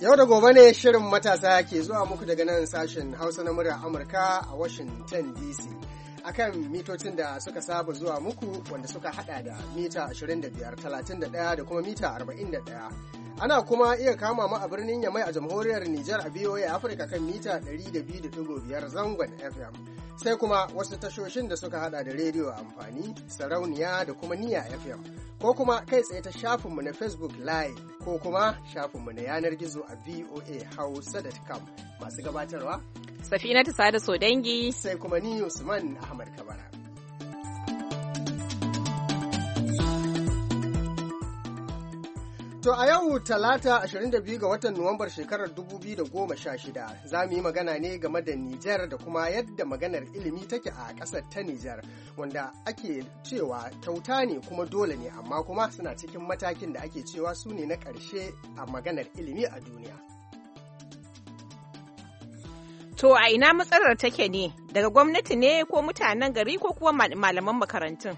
Yau da gobe ne shirin matasa ke zuwa muku daga nan sashen Hausa na murar Amurka a Washington DC. akan mitocin da suka saba zuwa muku wanda suka hada da mita 25, 31 da kuma mita 41. Ana kuma iya kama mu a birnin Yamai a jamhuriyar Nijar a VOA Afirka kan mita 102.5 zangon FM. sai kuma wasu tashoshin da suka hada da rediyo amfani sarauniya da kuma niya fm ko kuma kai tsaye ta shafinmu na facebook live ko kuma shafinmu na yanar gizo a voa hausa.com masu gabatarwa safina ta sada so dangi sai kuma ni usman ahmad kabara To a yau talata 22 ga watan Nuwambar shekarar 2016 za mu yi magana ne game da Nijar da kuma yadda maganar ilimi take a ƙasar ta Nijar wanda ake cewa kyauta ne kuma dole ne amma kuma suna cikin matakin da ake cewa su ne na ƙarshe a maganar ilimi a duniya. To a ina matsalar take ne daga gwamnati ne ko mutanen gari ko kuwa malaman makarantun?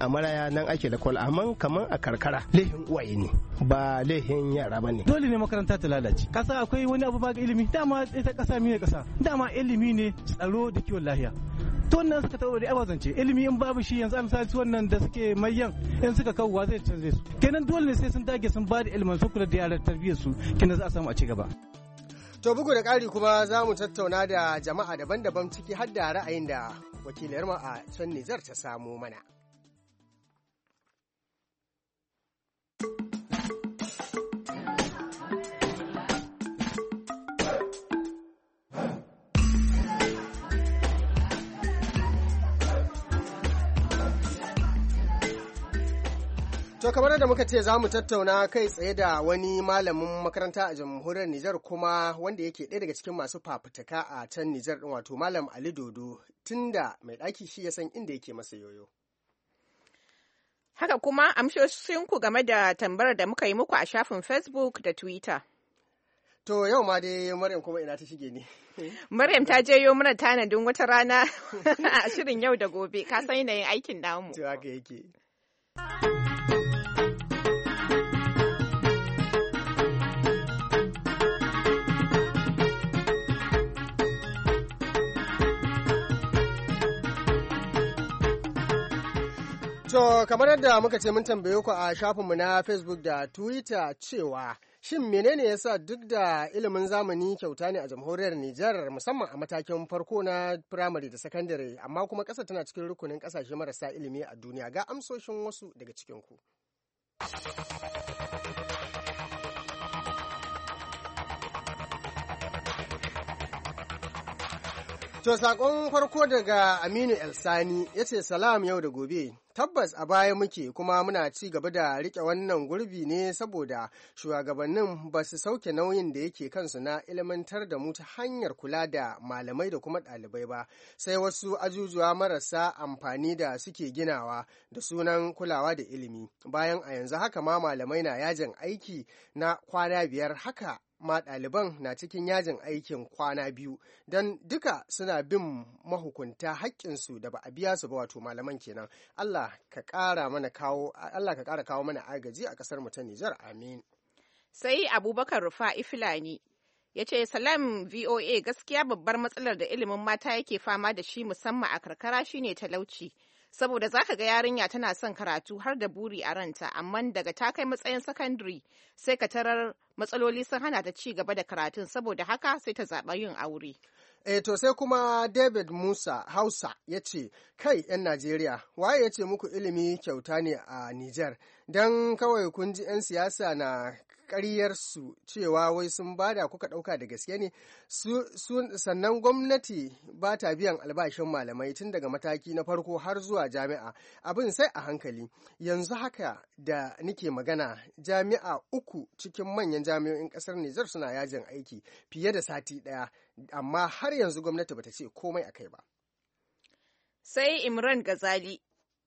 a maraya nan ake lakwal amma kaman a karkara lehin waye ne ba lehin yara ba ne dole ne makaranta ta lalace kasa akwai wani abu ba ga ilimi dama ita kasa mine kasa dama ilimi ne tsaro da kiwon lahiya to wannan suka taɓa da zance ilimi in babu shi yanzu alsasi wannan da suke mayan in suka kawo zai canje su kenan dole ne sai sun dage sun ba da ilimin su kula da yaran tarbiyyar su kenan za a samu a ci gaba To bugu da ƙari kuma za mu tattauna da jama'a daban-daban ciki har da ra'ayin da wakilar ma a can nizar ta samo mana. To kamar da muka ce za mu tattauna kai tsaye da wani malamin makaranta a jamhuriyar Nijar kuma wanda yake ɗaya daga cikin masu fafutuka a can Nijar ɗin wato Malam Ali Dodo tunda mai ɗaki shi ya san inda yake masa yoyo. Haka kuma amshoshinku game da tambayar da muka yi muku a shafin Facebook da Twitter. To yau ma dai Maryam kuma ina ta shige ne. Maryam ta je yo mana tanadin wata rana a shirin yau da gobe, ka san yanayin aikin namu. To haka yake. To, kamar yadda muka ce mun tambaye ku a shafinmu na Facebook da Twitter cewa Shin menene yasa duk da ilimin zamani kyauta ne a jamhuriyar Nijar musamman a matakin farko na firamare da sakandare amma kuma ƙasa tana cikin rukunin ƙasashe marasa ilimi a duniya ga amsoshin wasu daga cikin ku. To saƙon farko daga Aminu Elsani ya ce salam yau da gobe tabbas a baya muke kuma muna ci gaba da rike wannan gurbi ne saboda shugabannin ba su sauke nauyin da yake kansu na ilmantar da mu ta hanyar kula da malamai da kuma ɗalibai ba sai wasu ajujuwa marasa amfani da suke ginawa da sunan kulawa da ilimi bayan a yanzu haka ma malamai na yajin aiki na kwana biyar haka ma ɗaliban na cikin yajin aikin kwana biyu don duka suna bin mahukunta haƙƙinsu da ba a biya su ba wato malaman kenan Allah ka ƙara mana kawo Allah ka ƙara kawo mana agaji a ƙasar mu ta Nijar amin sai Abubakar Rufa'i Fulani ya ce salam voa gaskiya babbar matsalar da ilimin mata yake fama da shi musamman a karkara shine talauci saboda zaka ga yarinya tana son karatu har da buri a ranta amma daga ta kai matsayin sakandare sai ka tarar matsaloli sun hana ta ci gaba da karatun saboda haka sai ta zaɓa yin aure. eh to sai kuma David Musa Hausa ya ce, Kai, ‘yan Najeriya, waye ya ce muku ilimi kyauta ne a Nijar, don kawai kun ji ‘yan siyasa na ƙaryarsu cewa wai sun bada kuka ɗauka da gaske ne sannan gwamnati ba ta biyan albashin malamai tun daga mataki na farko har zuwa jami'a abin sai a hankali yanzu haka da nike magana jami'a uku cikin manyan jami'o'in ƙasar Nijar suna yajin aiki fiye da sati ɗaya amma har yanzu gwamnati bata ce komai a kai ba. Sai Imran Gazali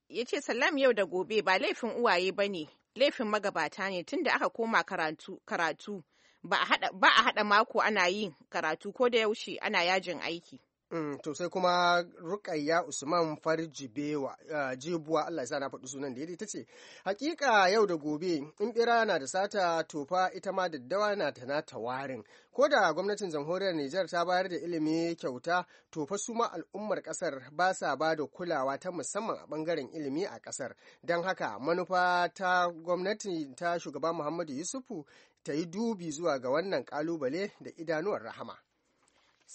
ya ce salam yau da gobe ba laifin uwaye ba ne laifin magabata ne tunda aka koma karatu, ba a haɗa mako ana yin karatu ko da yaushe ana yajin aiki. Mm, to sai kuma Rukayya Usman Farji Bewa uh, Jibuwa Allah sa na faɗi sunan da ya ta ce hakika yau da gobe in bira na da sata tofa ita ma daddawa na ta na warin ko da gwamnatin jamhuriyar Nijar ta bayar da ilimi kyauta to su ma al'ummar kasar ba sa ba da kulawa ta musamman a bangaren ilimi a kasar don haka manufa ta gwamnati ta shugaba Muhammadu Yusufu ta yi dubi zuwa ga wannan kalubale da idanuwar rahama.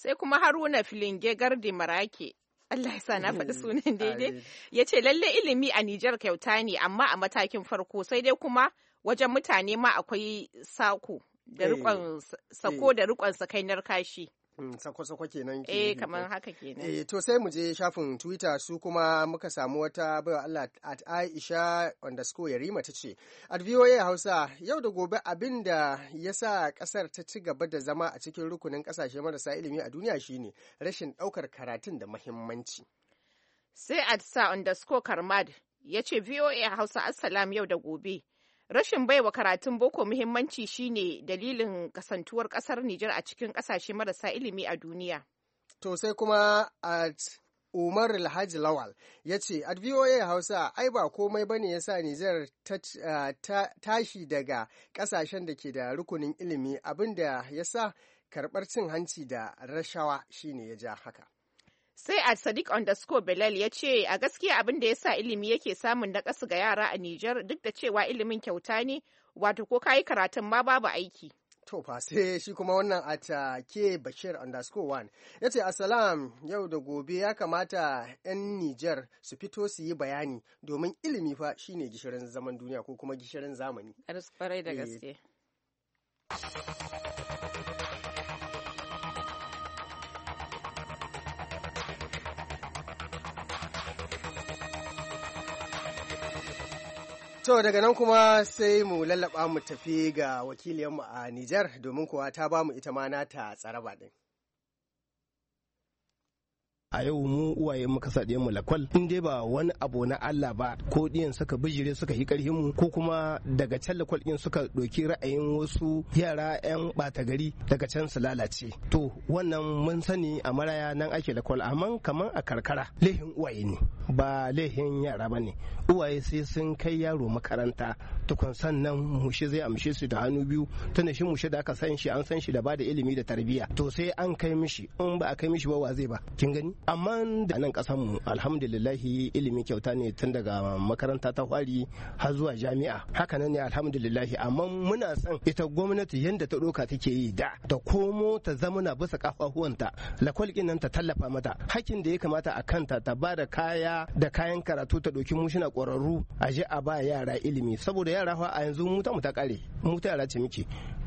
sai kuma haruna filinge gardi marake Allah ya sa na faɗi sunan daidai ya ce lalle ilimi a Nijar kyauta ne amma a matakin farko sai dai kuma wajen mutane ma akwai eh, eh. sako da rikon sako da rikon sakainar kashi Mm, sako kenan ke eh kamar haka kenan eh to sai mu je shafin twitter su kuma muka samu wata baiwa Allah at Aisha underscore Yarima ta ce at VOA Hausa yau da gobe abin da ya sa kasar ta ci gaba da zama a cikin rukunin kasashe marasa ilimi a duniya shine rashin daukar karatun da muhimmanci sai at sa underscore Karmad ya ce VOA Hausa assalam yau da gobe Rashin bai wa karatun boko muhimmanci shine dalilin kasantuwar kasar Nijar a cikin kasashe marasa ilimi a duniya. To sai kuma a Umar Alhaji Lawal ya ce, "At VOA Hausa, ai ba komai ba ne ya sa Nijar tashi daga ƙasashen da ke da rukunin ilimi abin da ya sa karɓar cin hanci da rashawa shine ya ja haka." Sai a Sadiq underscore Belal ya ce a gaskiya abin da ya sa ilimi yake samun nakasu ga yara a Nijar duk da cewa ilimin kyauta ne wato ko kayi karatun ma babu aiki. To fa sai shi kuma wannan atake Bashir underscore one ya ce Assalam yau da gobe ya kamata 'yan Nijar su fito su yi bayani domin ilimi fa shine gishirin zaman duniya ko kuma gishirin zamani. da eh. gaske. To daga nan kuma sai mu lallaba mu tafi ga wakiliyanmu a Nijar domin kuwa ta bamu ita ma nata tsaraba ɗin. a yau mu uwaye muka sa mu lakwal in dai ba wani abu na Allah ba ko ɗiyan suka bijire suka yi ƙarfin mu ko kuma daga can lakwal ɗin suka ɗauki ra'ayin wasu yara 'yan ɓata gari daga can su lalace to wannan mun sani a maraya nan ake lakwal amma kaman a karkara lehin uwaye ne ba lehin yara ba ne uwaye sai sun kai yaro makaranta tukun sannan mushi zai amshe su da hannu biyu tana shi mushe da aka san shi an san shi da bada ilimi da tarbiyya to sai an kai mishi in ba a kai mishi ba wa zai ba kin gani amma da nan kasan mu alhamdulillahi ilimi kyauta ne tun daga makaranta ta hwari har zuwa jami'a haka nan ne alhamdulillahi amma muna son ita gwamnati yadda ta ɗauka take yi da ta komo ta na bisa kafafuwanta lakwal nan ta tallafa mata hakkin da ya kamata a kanta ta ba da kaya da kayan karatu ta ɗauki mushina kwararru a je a ba yara ilimi saboda yara fa a yanzu mu ta mu ta kare mu ta yara ce muke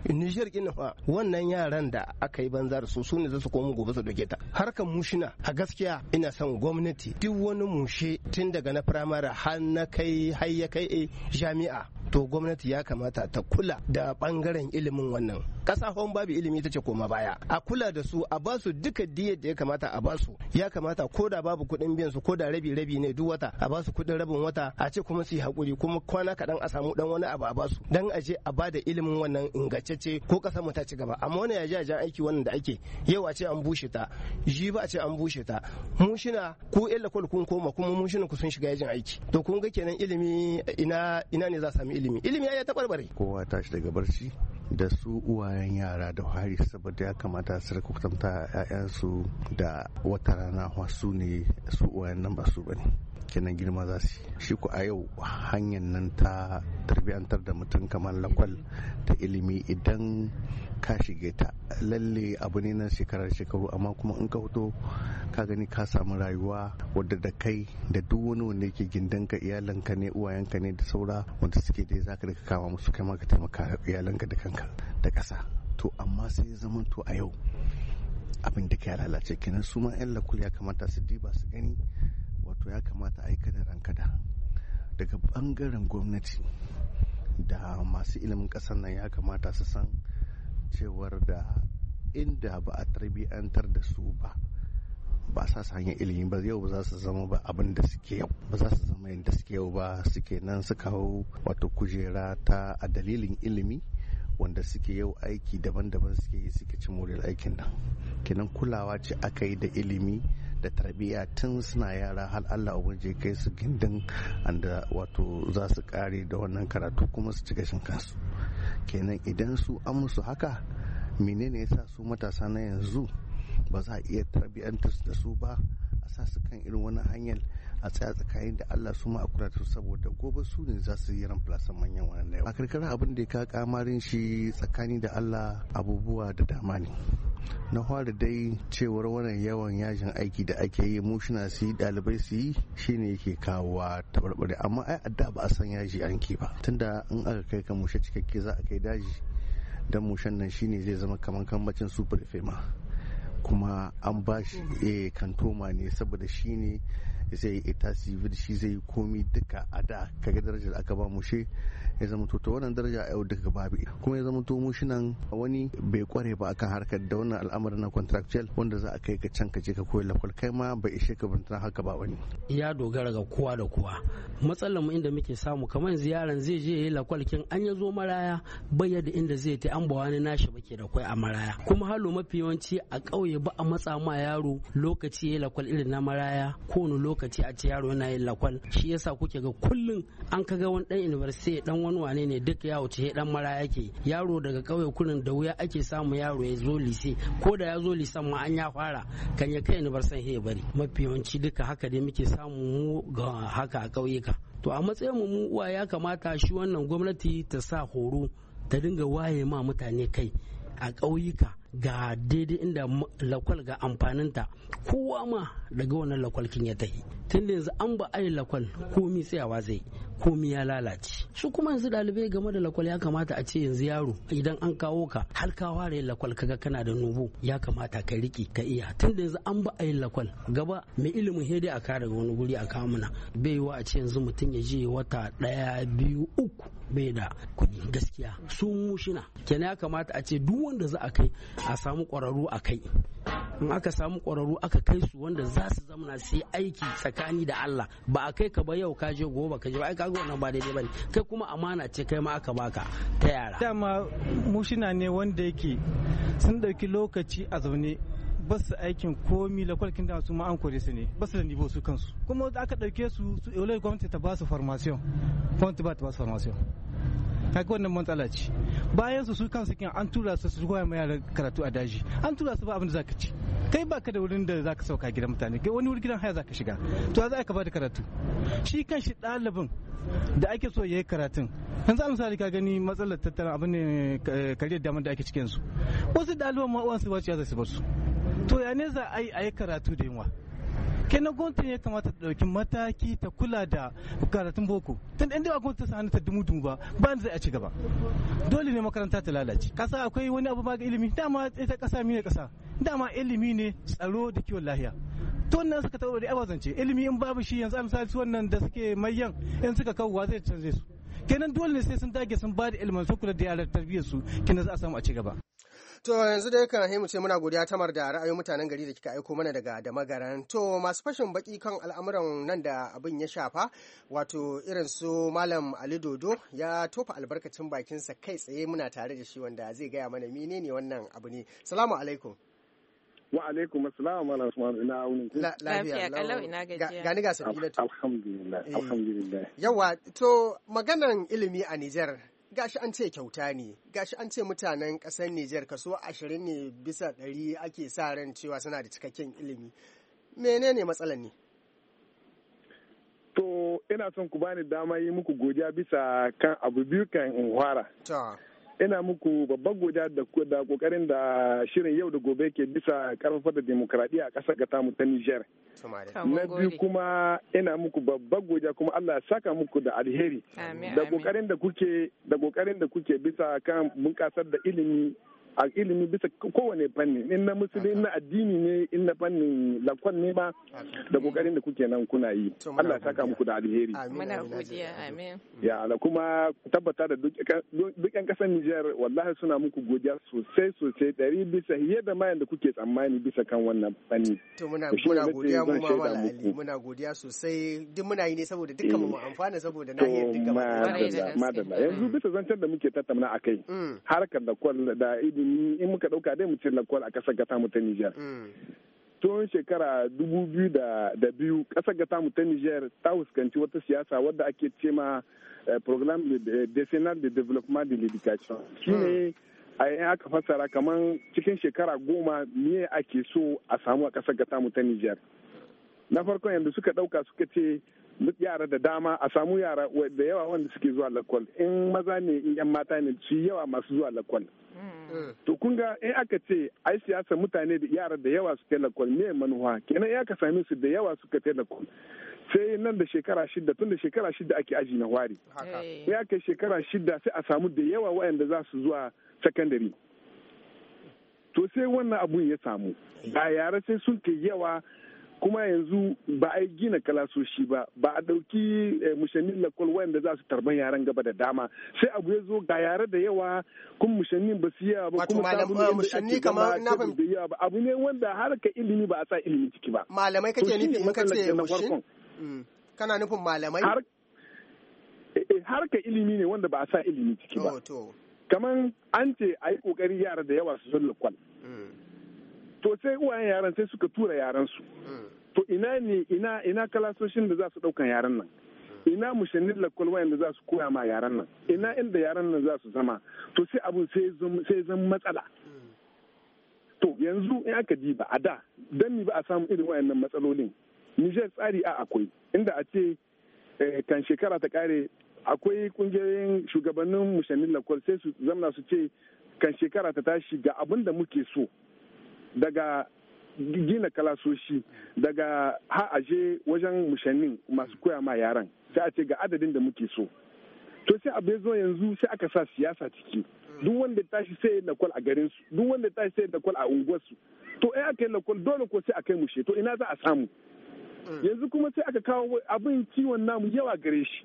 Nijar kina fa wannan yaran da aka yi banza da su su ne za su komo gobe su doke ta. Harkar mushina a gaskiya ina son gwamnati duk wani mushe tun daga na firamare har na kai har ya kai eh, jami'a to gwamnati ya kamata ta kula da bangaren ilimin wannan kasa hon babu ilimi ta ce koma baya a kula da su a ba su duka diyar da ya kamata a ba su ya kamata ko da babu kuɗin biyan su ko da rabi rabi ne duk wata a ba su kuɗin rabin wata a ce kuma su yi hakuri kuma kwana kaɗan a samu dan wani abu a ba su dan a je a ba da ilimin wannan ingantacce ko kasa mu ta ci gaba amma wani ya ja aiki wannan da ake yau a ce an bushe ta ji ba a ce an bushe ta mu shina ku illa kun koma kuma mu shina ku sun shiga yajin aiki to kun ga kenan ilimi ina ina ne za a sami ilimi ilimi ya tabarbare kowa tashi daga barci da su uwayen yara da hari saboda ya kamata su rika kwatanta 'ya'yansu da wata rana wasu ne su uwayen nan ba su bane kenan girma za su shi ku a yau hanyar nan ta tarbiyantar da mutum kamar lakwal ta ilimi idan ka shige ta lalle abu ne na shekarar shekaru amma kuma in ka hoto, ka gani ka samu rayuwa wadda da kai da duk wani wanda yake ka iyalanka ne uwayenka ne da saura wanda suke dai zaka da kama musu kai ma ka taimaka iyalanka da kanka da ƙasa to amma sai zaman to a yau abin da ka lalace kenan su ma 'yan lakwal ya kamata su diba su gani to ya kamata a yi kada ran kada daga bangaren gwamnati da masu ilimin ƙasar nan ya kamata su san cewar da inda ba a tarbiyantar da su ba ba sa su hanyar ilimi ba yau ba za su zama ba abin da suke yau ba za su zama yadda suke yau ba suke nan su kawo wato kujera ta a dalilin ilimi wanda suke yau aiki daban-daban suke yi suke ci aikin nan kenan kulawa ce aka yi da ilimi da tarbiyya tun suna yara har Allah je kai su gindin anda wato za su kare da wannan karatu kuma su ci gashin kansu kenan idan su an haka menene yasa su matasa na yanzu ba za a iya tarbiyyantar da su ba a sa su kan irin wani hanyar a tsaya tsakanin da Allah su ma a su saboda gobe su ne za su yi plasan manyan wannan na yau a karkara abin da ya ka kamarin shi tsakani da Allah abubuwa da dama ne na fara dai cewar wannan yawan yajin aiki da ake yi mu shina su yi dalibai su yi shine yake kawowa tabarbare amma ai adda ba a san yaji an ke ba tunda in aka kai ka mushe cikakke za a kai daji dan mushen nan shi ne zai zama kamar kambacin super fema kuma an ba shi kantoma eh, ne saboda shi ne. zai yi ita civil shi zai yi komi duka a da kaga darajar aka ba mu she ya zama to ta wannan daraja a yau duka babu kuma ya zama to mu shinan wani bai kware ba akan harkar da wannan al'amari na contractual wanda za a kai ka can ka je ka koyi lafal kai ma bai ishe ka bantana haka ba wani ya dogara ga kowa da kowa matsalar mu inda muke samu kamar ziyaran zai je yayi kin an ya zo maraya bai yadda inda zai ta an bawa ne nashi bake da kwai a maraya kuma halo mafi yawanci a kauye ba a matsa ma yaro lokaci yayi lakwal irin na maraya kowane lokaci a ce yaro yana yin lakwal shi yasa kuke ga kullum an kaga wani dan university dan wani wane ne duk ya wuce dan mara yake yaro daga kauye kurin da wuya ake samu yaro ya zo lise ko da ya zo lisan ma an ya fara kan ya kai ni bar san ya bari mafi yawanci duka haka dai muke samu mu ga haka a ƙauyuka to a matsayin mu mu uwa ya kamata shi wannan gwamnati ta sa horo ta dinga waye ma mutane kai a kauyuka ga daidai inda lakwal ga amfaninta kowa ma daga wannan lakwalkin ya tahi tun da yanzu an ba a yi lakwal komi tsayawa zai komi ya lalace su kuma yanzu dalibai game da lakwal ya kamata a ce yanzu yaro idan an kawo ka har ka ware lakwal kaga kana da nubu ya kamata ka riki ka iya tun da yanzu an ba a yin lakwal gaba mai ilimin hede a kare wani guri a kamuna bai yi wa a ce yanzu mutum ya je wata daya biyu uku bai da kuɗi gaskiya su mushina kenan ya kamata a ce duk wanda za a kai a samu kwararru a kai in aka samu ƙwararru aka kai su wanda za su zamana su yi aiki tsakani da Allah ba a kai ka ba yau ka je gobe ka je ba kaga wannan ba daidai bane kai kuma amana ce kai ma aka baka ta yara dama mushina ne wanda yake sun dauki lokaci a zaune ba su aikin komi lakwalkin da su ma an kore su ne ba su da nivo su kansu kuma aka dauke su su gwamnati ta ba su farmasiyon gwamnati ba ta ba su farmasiyon. kaga wannan matsala ce bayan su su kansu kin an tura su su koya yara karatu a daji an tura su ba abin da zaka ci kai baka da wurin da zaka sauka gidan mutane kai wani wurin gidan haya zaka shiga to za ka bada karatu shi kan shi ɗalibin da ake so yayi karatun yanzu a misali ka gani matsalar tattalin abin ne eh, kariyar damar da ake cikin su wasu ɗaliban ma uwansu ba su ya zai su su to ya ne za a yi karatu da yunwa kenan gwamnati ya kamata ta dauki mataki ta kula da karatun boko tun inda ba gwamnati ta sani ta dumu dumu ba ba zai a ci gaba dole ne makaranta ta lalace kasa akwai wani abu ba ga ilimi dama ita kasa mine kasa dama ilimi ne tsaro da kiwon lahiya to nan suka taɓa da abazance ilimi in babu shi yanzu amsal su wannan da suke mayyan in suka kawo zai canje su kenan dole ne sai sun dage sun ba da ilimin su kula da yaran tarbiyyar su kenan za a samu a ci gaba To yanzu dai kan mu ce muna godiya tamar da ra'ayoyin mutanen gari da kika aiko mana daga da magaran. To masu fashin baki kan al'amuran nan da abin ya shafa wato irin su Malam Ali Dodo ya tofa albarkacin bakinsa kai tsaye muna tare da shi wanda zai gaya mana ne wannan abu ne. Salamu alaikum. wa alaikum assalam ala Usman ina ku. lafiya kalau ina gajiya gani ga sabila to alhamdulillah eh. alhamdulillah yawa to maganan ilimi a Niger gashi an ce kyauta ne gashi an ce mutanen ƙasar Nijar kaso ashirin ne bisa ɗari ake sa ran cewa suna da cikakken ilimi menene matsalar ne to ina son ku bani dama yi muku godiya bisa kan abu biyu kan in ina muku babban godiya da kokarin da shirin yau da gobe ke bisa karfafa da demokradiyya a ƙasar gata mu ta Niger. Na biyu kuma ina muku babban godiya kuma Allah ya saka muku da alheri. Da kokarin da kuke da kokarin da kuke bisa kan bunƙasar da ilimi a ilimi bisa kowane fanni in na musulmi in na addini ne in na fannin lakon ne ma da kokarin da kuke nan kuna yi Allah ya saka muku da alheri amin ya ala kuma tabbata da duk yan kasar Niger wallahi suna muku godiya sosai sosai dari bisa yadda da mayan da kuke tsammani bisa kan wannan fanni to muna godiya mu ma Ali muna godiya sosai duk muna yi ne saboda dukkan mu eh, amfana saboda nahiyar dukkan mu madalla yanzu bisa zancen da muke tattauna akai mm. harkar da kwal da ilimi in muka ɗauka dai mutum na lakwal a kasar gata ta Nijar. Mm. tun shekara dubu biyu da biyu ƙasar gata ta Nijar ta fuskanci wata siyasa wadda ake ce ma eh, program decennial de development de l'education. Shi ne a aka fassara kamar cikin shekara goma me ake so a samu a ƙasar gata ta Nijar. Na farkon yadda suka ɗauka suka ce yara da dama a samu yara da yawa wanda suke zuwa lakwal in maza ne in yan mata ne su yawa masu zuwa lakwal mm. to kun ga in aka ce ai siyasa mutane da yara da yawa suke lakwal me manuwa kenan ya ka same su da yawa suka lakwal sai nan da shekara shida tun da shekara shida ake aji na wari ya eh. kai shekara shida sai a samu da yawa waɗanda za su zuwa sakandare to sai wannan abun ya samu a yara sai sun ke yawa kuma yanzu ba a yi gina kalasoshi ba ba a ɗauki eh, mushannin lakol wanda za su tarban yaran gaba da dama sai abu ya zo ga yare da yawa kuma mushannin ba su yawa ba kuma eh, mushanni kamar na fahimta ba abu ne wanda har ka ilimi ba a sa ilimi ciki ba malamai kake nufi in ce mushin mm. kana nufin malamai eh, ka ilimi ne wanda ba a sa ilimi ciki ba oh, kaman an ce a yi kokari yara da yawa su zo lakwal mm. to sai uwayen yaran sai suka tura yaran su mm. to ina ne ina ina kalasoshin da za su ɗaukan yaran nan ina mushannin lakwal wayanda za su koya ma yaran nan ina inda yaran nan za su zama to sai abun sai zan matsala to yanzu in aka ba a da dan ni ba a samu irin wayannan matsalolin Niger tsari a akwai inda a ce eh, kan shekara ta kare akwai kungiyoyin shugabannin mushannin lakwal sai su zamna su ce kan shekara ta tashi ga abin da muke so daga gina kalasoshi daga ha aje wajen mushannin masu koya ma yaran sai a ce ga adadin da muke so to sai abu zo yanzu sai aka sa siyasa ciki duk wanda tashi sai ya lakwal a garin su duk wanda tashi sai ya lakwal a unguwar su to ai aka yi lakwal dole ko sai a kai mushe to ina za a samu mm. yanzu kuma sai aka kawo abin kiwon namu yawa gare shi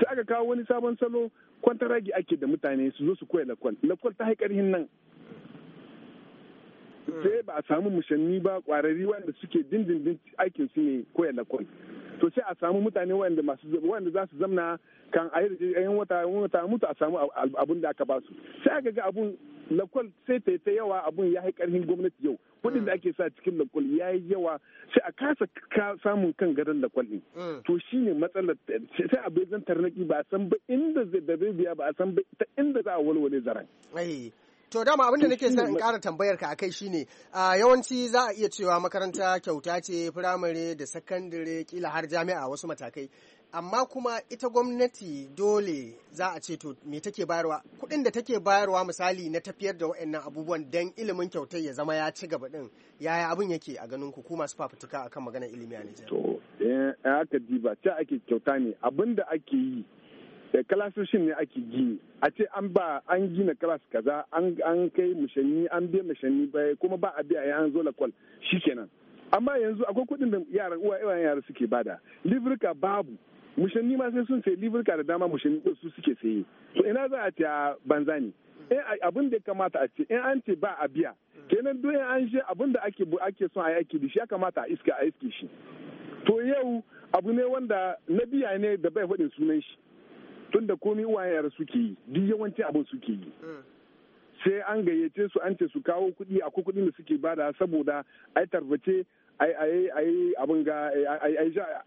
sai aka kawo wani sabon salo kwantaragi ake da mutane su zo su koya lakwal lakwal ta haikarihin nan Hmm. sai ba a samu mushanni ba kwararri wanda suke dindindin aikin su ne koyar da kwai to sai a samu mutane wanda masu wanda za su zamna kan a yi wata wata mutu a samu abun da aka ba su sai aka ga abun lakwal sai ta ta yawa abun ya yi karhin gwamnati yau hmm. kuɗin da ake sa cikin lakwal ya yi yawa sai a kasa samun kan gadon lakwal ne hmm. to shi ne matsalar sai a bai zan tarnaki ba a san ba inda zai da biya ba a san ba ta inda za a walwale zaren To dama abinda nake son in kara tambayar ka akai shine a yawanci za a iya cewa makaranta kyauta ce firamare da sakandare kila har jami'a wasu matakai amma kuma ita gwamnati dole za a ce to me take bayarwa kuɗin da take bayarwa misali na tafiyar da waɗannan abubuwan dan ilimin kyautai ya zama ya ci gaba din yaya abin yake a ganin ku kuma su fafutuka akan maganar ilimi a Nijar. To eh aka diba ce ake kyauta ne abin da ake yi da kalasoshin ne ake gini a ce an ba an gina kalas kaza an kai mushanni an biya mushanni bai kuma ba a biya an zo lakwal shikenan amma yanzu akwai kuɗin da yara uwa iyayen yara suke bada livrika babu mushanni ma sai sun sai livrika da dama mushanni su suke saye to ina za a ce banza ne abin da kamata a ce in an ce ba a biya kenan duk in an shi abin da ake ake son a yi aiki shi ya kamata a iska a iske shi to yau abu ne wanda na biya ne da bai faɗin sunan shi tun da komi uwayen yara suke yi duk yawanci abin suke yi sai an gayyace su an ce su kawo kuɗi akwai kuɗin da suke bada saboda ai tarbace ai abin ga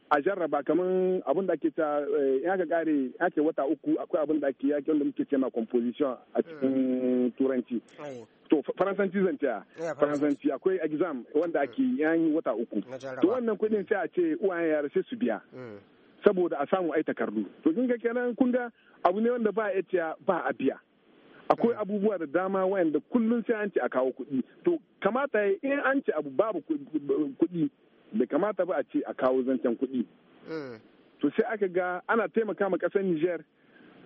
a jarraba kamar abin da ake ta eh, in aka kare ake wata uku akwai abin da ake yaki wanda muke cema composition a cikin turanci to faransanci zan ta eh, faransanci akwai exam wanda ake yi wata uku to wannan kuɗin sai a ce uwaye yara sai su biya mm. saboda a samu ai takardu to kin ga kenan kun ga abu ne wanda ba ya ba a biya akwai abubuwa da dama wayanda kullun sai an ce a kawo kuɗi to kamata ya in an ce abu babu kuɗi bai kamata ba a ce a kawo zancen kuɗi mm. to sai aka ga ana taimaka ma ƙasar Niger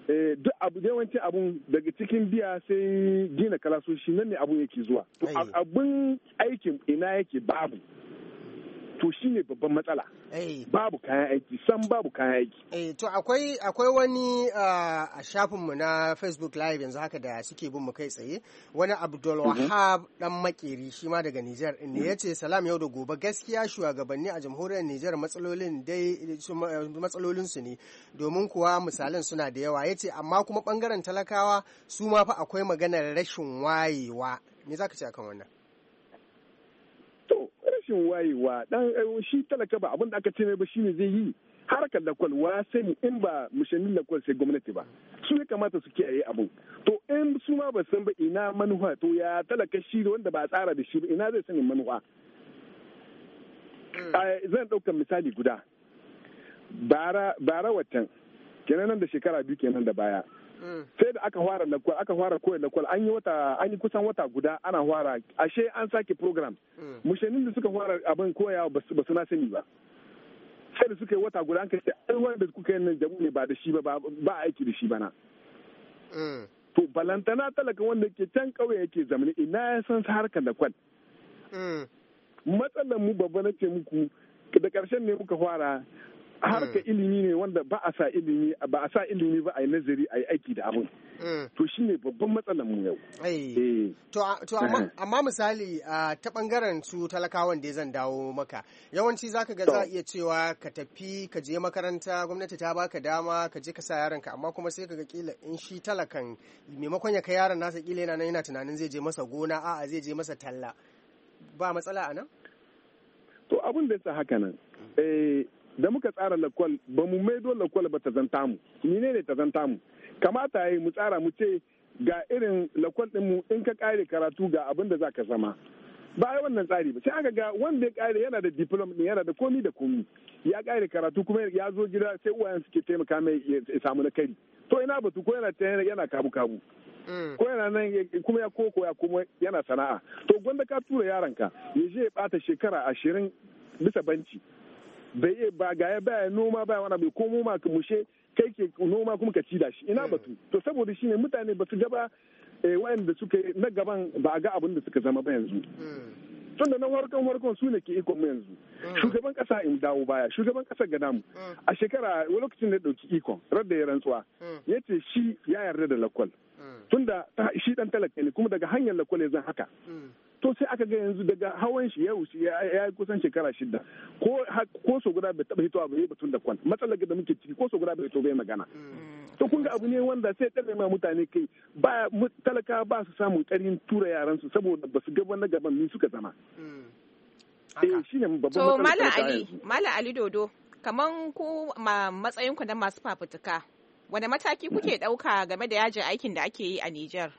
eh, duk abu yawancin abun daga cikin biya sai gina kalasoshi nan ne abun yake zuwa to abun aikin ina yake babu to shi ne babban matsala eh. babu kayan aiki san babu kayan aiki eh, to akwai wani ah, a shafinmu na facebook live yanzu haka da suke bin mu kai tsaye wani abdulwahab mhm. dan makeri shi ma daga niger ne mhm. ce salam yau da gobe gaskiya shugabanni a jamhuriyar niger matsalolin su ne domin kuwa misalan suna da yawa Ya ce amma kuma bangaren talakawa su ma fa akwai maganar rashin wayewa me zaka ce akan wannan rashin wayewa dan eh, shi talaka ba abin da aka ce mai ba shine zai yi harkar lakwal kwalwa sani in ba mushannin lakwal sai gwamnati ba su ya kamata su kiyaye abu to in su ma ba san ba ina manuwa to ya talaka shi wanda ba tsara da shi ba ina zai sani manuwa mm. eh, zan ɗaukar misali guda bara watan kenan nan da shekara biyu kenan da baya sai da aka fara lakwal aka fara koyar lakwal an yi wata an yi kusan wata guda ana fara ashe an sake program mm. mushenin da suka fara abin koyawa ba su na sani ba sai da suka yi wata guda an kai ai wanda kuka yi nan jamu ne ba da shi ba ba aiki da shi ba na mm. to balantana talaka wanda ke can kauye yake zamani ina ya san harkar lakwal mm. matsalar mu babba na ce muku da karshen ne muka fara harka mm. ilimi ne wanda ba a sa ilimi ba a sa ilimi ba a yi nazari a yi aiki da abun mm. to shine babban matsalar mu yau eh. to amma eh. misali ta bangaren su talakawan da zan dawo maka yawanci zaka ga za a iya cewa ka tafi ka je makaranta gwamnati ta baka dama ka je ka sa yaron ka amma kuma sai ka ga kila in shi talakan maimakon ya kai yaron nasa kila yana nan yana tunanin zai je masa gona a'a zai je masa talla ba matsala a nan to abin da ya haka nan mm. eh, da muka tsara lakwal ba mu maido lakwal ba ta zanta mu mine ne ta zanta mu kamata ya yi mu tsara mu ce ga irin lakwal din mu in ka kare karatu ga abin da za ka zama ba ai wannan tsari ba sai aka ga wanda ya kare yana da diploma din yana da komi da komi ya kare karatu kuma ya zo gida sai uwayen suke taimaka mai ya samu na kari to ina batu ko yana yana kabu kabu mm. ko yana nan kuma ya koko ya kuma yana sana'a to gwanda ka tura yaranka ya je ya bata shekara ashirin bisa banci bai iya ba ga ya baya noma baya wani bai komo ma ka mushe kai ke noma kuma ka ci da shi ina hmm. batu to saboda shine mutane ba su gaba eh, da suka na gaban ba a ga abin da suka zama ba yanzu hmm. tun da na warkan warkan su ne ke ikon mu yanzu hmm. shugaban kasa in dawo baya shugaban kasa ga namu a shekara lokacin da dauki ikon radda ya rantsuwa ya ce shi ya yarda da lakwal tunda shi dan talaka ne kuma daga hanyar lakwal ya zan haka to sai aka ga yanzu daga hawan shi yau shi ya yi kusan shekara shida ko ko so guda bai taba hitowa bai batun da kwan matsalar da muke ciki ko so guda bai hito bai magana to kun ga abu ne wanda sai tsare ma mutane kai ba talaka ba su samun ƙarin tura yaran su saboda ba su gaba na gaban min suka zama mm, eh, to malam ali malam ali dodo kaman ku matsayin ku na masu fafutuka wani mataki kuke dauka mm. game da yajin aikin da ake yi a Nijar?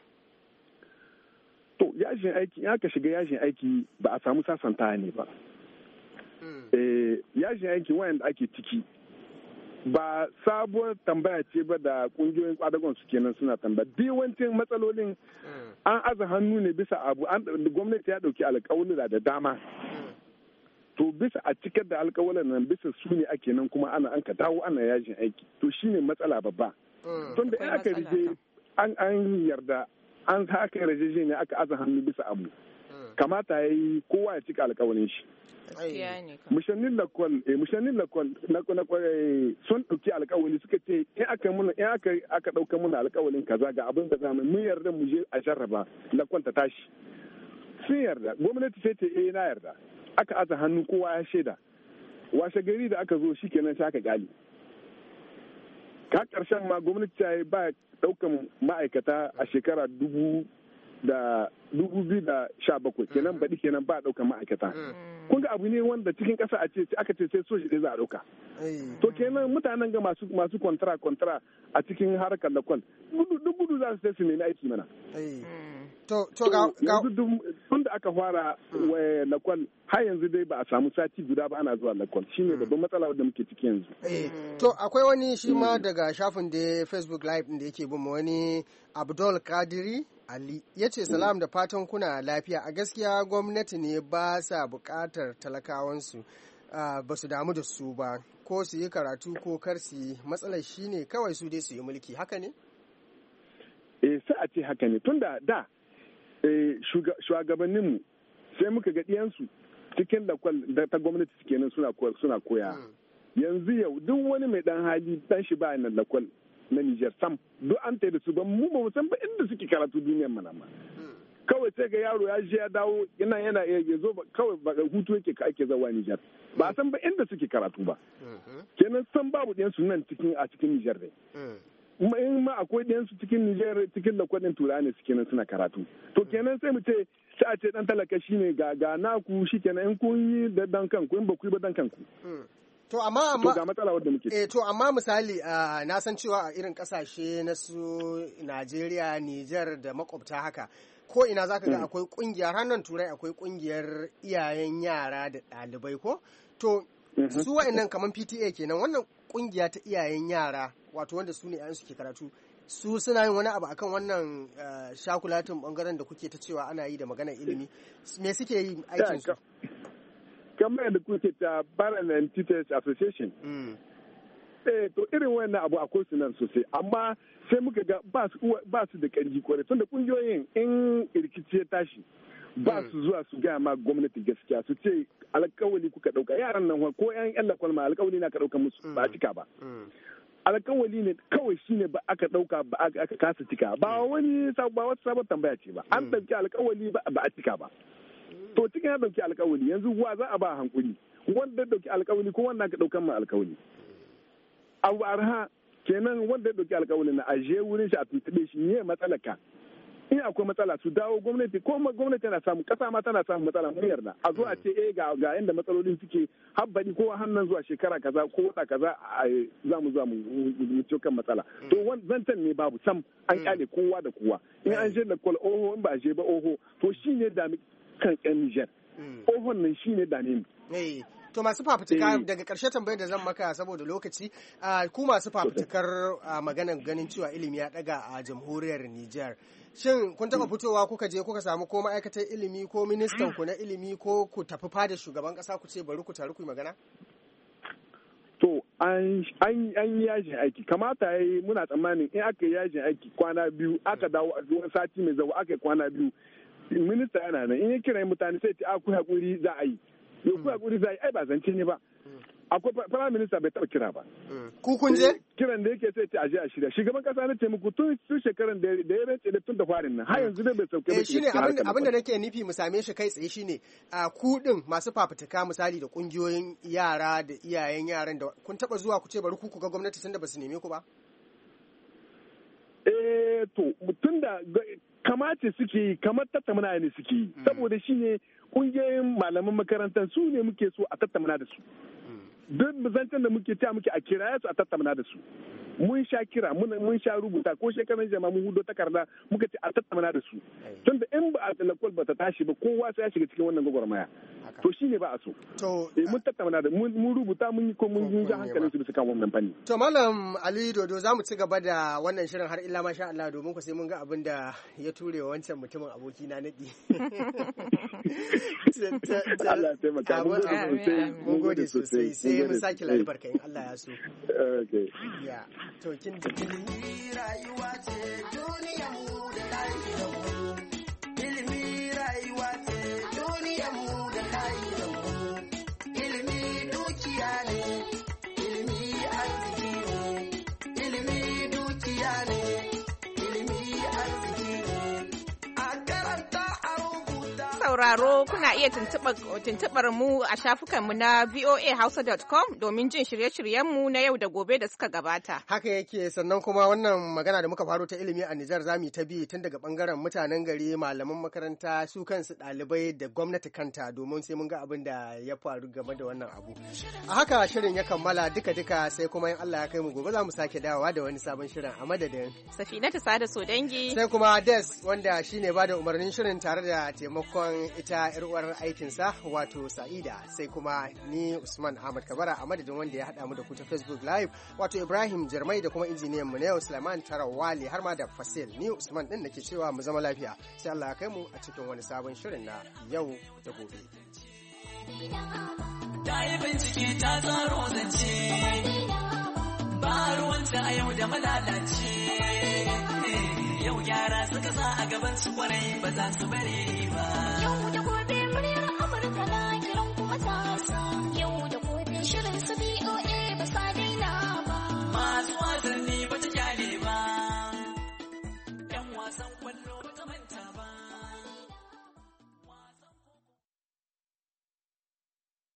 to yajin aiki ya ka shiga yajin aiki ba a samu sasanta ne ba hmm. eh, yajin aiki wayanda ake ciki ba sabuwar tambaya ce ba da kungiyoyin kwadagon su kenan suna tambaya yawancin matsalolin hmm. an aza hannu ne bisa abu gwamnati ya dauki alkawalura da dama hmm. to bisa a cikar da alkawalan nan bisa su ne ake nan kuma ana an ka dawo ana yajin aiki to shine matsala babba tunda in aka rige an an yarda an haka ne aka aza hannu bisa abu hmm. kamata ya yi kowa ya cika alkawarin shi mushannin lakwal eh, eh, sun ɗauki alkawari suka ce in aka muna in ɗauka muna alkawarin kaza ga abin da mun yarda mu je a jarraba lakwal ta tashi sun yarda gwamnati sai ta eh na yarda aka aza hannu kowa ya shaida washe gari da aka zo shikenan sai aka gali ka karshen ma gwamnati ta yi ba daukan ma'aikata a shekara dubu da dubu biyu da sha bakwai mm. kenan baɗi kenan ba ɗaukan ma'aikata mm. kun ga abu ne wanda cikin ƙasa a ce aka ce sai soji ɗaya za a ɗauka to kenan mutanen ga masu masu kwantara kwantara a cikin harkar da kwan dubu za su sai su nemi aiki mana mm. To, aka fara hmm. eh, lakwal har yanzu dai ba a samu sati guda ba ana zuwa lakwal shine hmm. babban matsala muke ciki yanzu. Eh, to akwai wani shi ma hmm. daga shafin da Facebook Live da yake bin wani Abdul Kadiri Ali ya ce salam da fatan kuna lafiya a gaskiya gwamnati ne ba sa bukatar talakawansu ah, ba su damu da su ba ko su yi karatu ko kar su yi matsalar shine kawai su dai su yi mulki haka ne? Eh sai a ce haka ne tunda da Eh, shugabanninmu sai muka ga ɗiyansu cikin da ta gwamnati kenan suna koya hmm. yanzu yau duk wani mai dan hali dan shi ba nan lakwal na Niger sam duk an da su ba mu ba mu san ba inda suke karatu duniyar mana ma hmm. kawai sai ga yaro ya je ya dawo yana yana ya zo kawai ba hutu yake ka ake zawa Niger ba san ba inda suke karatu ba hmm. kenan san babu ɗiyansu nan cikin a cikin Niger ne in ma akwai ɗayansu cikin Nijar cikin da kwadin turai ne suke nan suna karatu. To kenan sai mu ce sai a ce ɗan talaka shi ne ga ga naku shi kenan in kun yi da dan kanku in ba ku yi ba dan kanku. Hmm. To amma amma ga matsala wadda muke. Eh to amma misali na san cewa a irin kasashe na su Najeriya, Nijar da makwabta haka ko ina zaka ga hmm. akwai kungiyar hannun turai akwai kungiyar iyayen yara da ɗalibai ko to mhm. su wa'annan kamar PTA kenan wannan kungiya ta iyayen yara wato wanda su ne 'ya'yansu ke karatu su suna yin wani abu akan wannan eh, shakulatin bangaren da kuke ta cewa ana yi da magana ilimi me suke yi aikin su kamar yadda kuke ta Baran and Teachers Association mm. eh to irin wannan abu akwai su nan sosai amma sai muka ga ba su da kanji kwarai tunda kungiyoyin in rikici ya tashi ba hmm. su zuwa su gaya ma gwamnati gaskiya su ce alkawali kuka dauka yaran nan ko yan yan lakwal alkawali na ka dauka musu ba a cika ba alkawali ne kawai shine ba aka dauka ba aka kasa cika ba wani ba wata sabon tambaya ce ba an dauki alkawali ba a cika ba to cikin ya dauki alkawali yanzu wa za a ba hankuri wanda ya dauki alkawali ko wanda ka daukan ma alkawali abu arha kenan wanda ya dauki alkawali na aje wurin shi a tuntube shi ne matsalaka in akwai matsala su dawo gwamnati ko gwamnati tana samu kasa ma tana samu matsala mun yarda a zo a ce eh ga ga yanda matsalolin suke habbadi ko hannun zuwa shekara kaza ko wata kaza za mu zamu mu ci kan matsala to zantan ne babu sam an kyale mm. kowa da kowa in an mm. je da kwal oho in ba je ba oho to shi ne dami kan yan Niger mm. oho nan ne dami eh, to masu fafutuka eh. daga karshe tambayar da zan maka saboda lokaci ah, ku masu fafutukar ah, maganar ganin cewa ilimi ya daga a jamhuriyar Nijar shin kun taɓa fitowa kuka je kuka samu ko ma'aikatar ilimi ko ministan ku na ilimi ko ku tafi fada shugaban ƙasa ku ce bari ku taru ku magana to an yi yajin aiki kamata ya muna tsammanin in aka yi yajin aiki kwana biyu aka dawo a duwan sati mai zawo aka yi kwana biyu minista yana nan in ya kiran mutane sai ta a ah, ku haƙuri za a yi ku haƙuri za a yi ai ba zance ne ba akwai prime minister bai taɓa kira ba. Mm. Ku kun je? Kiran da yake sai ce aje a shirya. Shugaban kasa na taimako tun tun shekaran da ya rance da tun da farin nan har mm. yanzu ne bai sauke ba. Eh, shine abin da nake nufi mu same shi kai tsaye shine a ku din masu fafutuka misali da kungiyoyin yara da iyayen yaran da kun taɓa zuwa ku ce bari ku ku ga gwamnati tunda ba su neme ku ba. Eh to tun da kamata suke yi kamar tattauna ne suke yi mm. saboda shine kungiyoyin malaman makarantar su ne muke so a tattauna da su. duk zancen da muke ta muke a kiraya su a tattauna da su mun sha kira mun sha rubuta ko shekaran jama'a mun hudo takarda muka ce a tattauna da su tunda in ba a talakol ba ta tashi ba kowa sai ya shiga cikin wannan gwagwarmaya to shi ne ba a so eh, mun tattauna da mun rubuta mun yi ko mun ja hankalin su bisa kan wannan fanni to malam ali dodo za mu ci gaba da wannan shirin har illa masha Allah domin ku sai mun ga abin da ya ture wa wancan mutumin aboki na nadi Allah ya taimaka mu gode sosai sai sai mu sake lalibar in Allah ya so ya to kin ji rayuwa ce duniyar mu da lafiya sauraro kuna iya tuntubar mu a shafukanmu na voahausa.com domin jin shirye-shiryenmu na yau da gobe da suka gabata. Haka yake sannan kuma wannan magana da muka faru ta ilimi a Nijar za ta bi tun daga bangaren mutanen gari malaman makaranta su kansu ɗalibai da gwamnati kanta domin sai mun ga abin da ya faru game da wannan abu. A haka shirin ya kammala duka-duka sai kuma in Allah ya kai mu gobe za mu sake dawowa da wani sabon shirin a madadin. Safinatu Sada Sodangi. Sai kuma Des wanda shine ba da umarnin shirin tare da taimakon ita 'yar uwar aikinsa wato Sa'ida sai kuma ni Usman Ahmad Kabara a madadin wanda ya haɗa mu da ku ta Facebook Live wato Ibrahim Jarmai da kuma injiniyan mu na yau Sulaiman Tarawali har ma da Fasil ni Usman din ke cewa mu zama lafiya sai Allah kai mu a cikin wani sabon shirin na yau da gobe. Ta yi bincike ta ba ruwanta a yau da malalaci yau gyara suka sa a gaban su kwarai ba za su bare ba yau da gobe muryar amurka na kiran kuma ta sa